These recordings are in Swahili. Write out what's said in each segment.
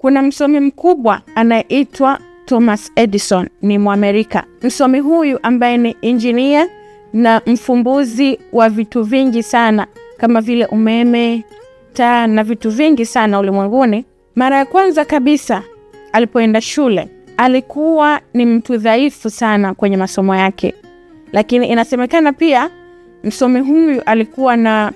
Kuna msomi mkubwa anayeitwa Thomas Edison, ni Mwamerika. Msomi huyu ambaye ni injinia na mfumbuzi wa vitu vingi sana kama vile umeme, taa na vitu vingi sana ulimwenguni. Mara ya kwanza kabisa alipoenda shule alikuwa ni mtu dhaifu sana kwenye masomo yake, lakini inasemekana pia msomi huyu alikuwa na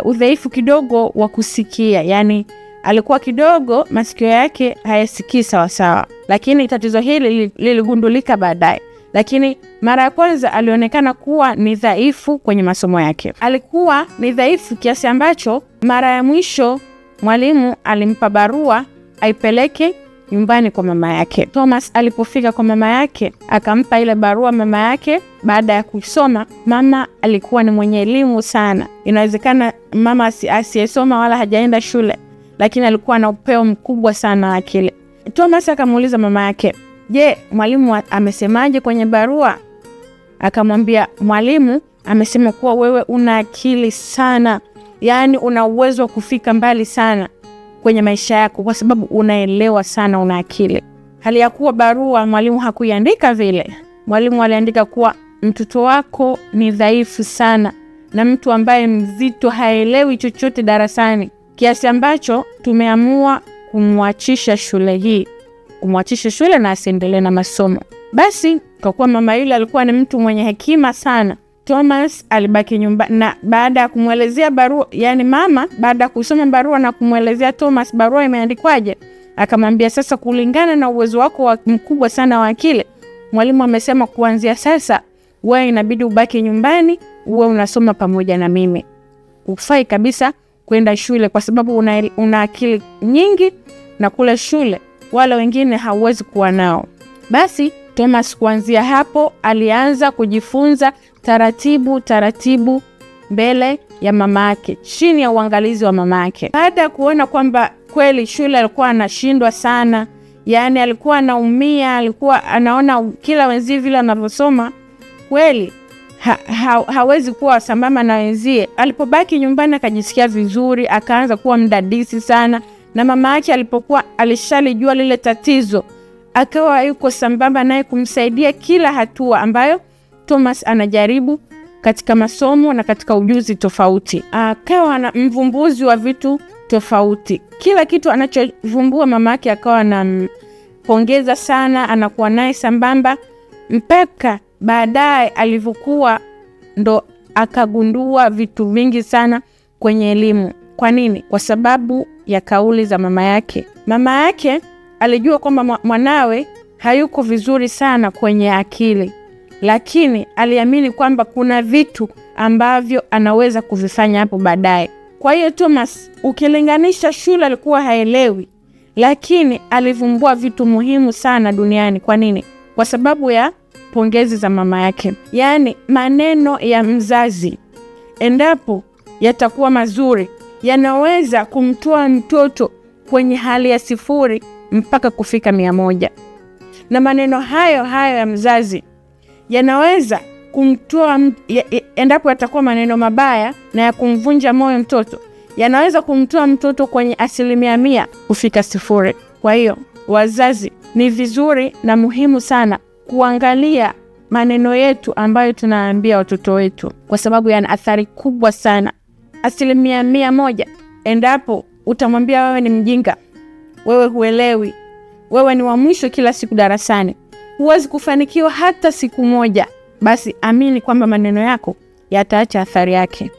uh, udhaifu kidogo wa kusikia, yani Alikuwa kidogo masikio yake hayasikii sawasawa, lakini tatizo hili liligundulika baadaye. Lakini mara ya kwanza alionekana kuwa ni dhaifu kwenye masomo yake. Alikuwa ni dhaifu kiasi ambacho mara ya mwisho mwalimu alimpa barua aipeleke nyumbani kwa mama yake. Thomas alipofika kwa mama yake akampa ile barua mama yake baada ya kusoma. Mama alikuwa ni mwenye elimu sana, inawezekana mama asiyesoma wala hajaenda shule lakini alikuwa na upeo mkubwa sana akili. Thomas akamuuliza mama yake, je, mwalimu amesemaje kwenye barua? Akamwambia, mwalimu amesema kuwa wewe una akili sana, yaani una uwezo wa kufika mbali sana kwenye maisha yako, kwa sababu unaelewa sana, una akili. Hali ya kuwa barua mwalimu hakuiandika vile. Mwalimu aliandika kuwa mtoto wako ni dhaifu sana na mtu ambaye mzito haelewi chochote darasani kiasi ambacho tumeamua kumwachisha shule hii, kumwachisha shule na asiendelee na masomo. Basi kwa kuwa mama yule alikuwa ni mtu mwenye hekima sana, Thomas alibaki nyumba na baada ya kumwelezea barua, yani mama baada ya kusoma barua na kumwelezea Thomas barua imeandikwaje, akamwambia sasa, kulingana na uwezo wako wa mkubwa sana wa akili, mwalimu amesema kuanzia sasa wewe inabidi ubaki nyumbani, uwe unasoma pamoja na mimi, ufai kabisa kwenda shule, kwa sababu una, una akili nyingi na kule shule wale wengine hauwezi kuwa nao. Basi Thomas kuanzia hapo alianza kujifunza taratibu taratibu mbele ya mama yake, chini ya uangalizi wa mama yake. Baada ya kuona kwamba kweli shule alikuwa anashindwa sana, yaani alikuwa anaumia, alikuwa anaona kila wenzie vile anavyosoma kweli ha, ha, hawezi kuwa sambamba na wenzie. Alipobaki nyumbani akajisikia vizuri, akaanza kuwa mdadisi sana, na mama yake alipokuwa alishalijua lile tatizo, akawa yuko sambamba naye kumsaidia kila hatua ambayo Thomas anajaribu katika masomo na katika ujuzi tofauti. Akawa na mvumbuzi wa vitu tofauti. Kila kitu anachovumbua mama yake akawa anampongeza sana, anakuwa naye sambamba mpaka baadaye alivyokuwa ndo akagundua vitu vingi sana kwenye elimu. Kwa nini? Kwa sababu ya kauli za mama yake. Mama yake alijua kwamba mwanawe hayuko vizuri sana kwenye akili, lakini aliamini kwamba kuna vitu ambavyo anaweza kuvifanya hapo baadaye. Kwa hiyo Thomas, ukilinganisha shule alikuwa haelewi, lakini alivumbua vitu muhimu sana duniani. Kwa nini? Kwa sababu ya pongezi za mama yake, yaani maneno ya mzazi endapo yatakuwa mazuri, yanaweza kumtoa mtoto kwenye hali ya sifuri mpaka kufika mia moja, na maneno hayo hayo ya mzazi yanaweza kumtoa ya, endapo yatakuwa maneno mabaya na ya kumvunja moyo mtoto, yanaweza kumtoa mtoto kwenye asilimia mia kufika sifuri. Kwa hiyo wazazi, ni vizuri na muhimu sana kuangalia maneno yetu ambayo tunaambia watoto wetu, kwa sababu yana athari kubwa sana. Asilimia mia moja endapo utamwambia wewe ni mjinga, wewe huelewi, wewe ni wa mwisho kila siku darasani, huwezi kufanikiwa hata siku moja, basi amini kwamba maneno yako yataacha athari yake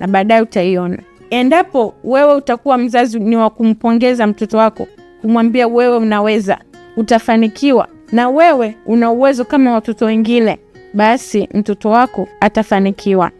na baadaye utaiona. Endapo wewe utakuwa mzazi ni wa kumpongeza mtoto wako, kumwambia wewe unaweza, utafanikiwa na wewe una uwezo kama watoto wengine, basi mtoto wako atafanikiwa.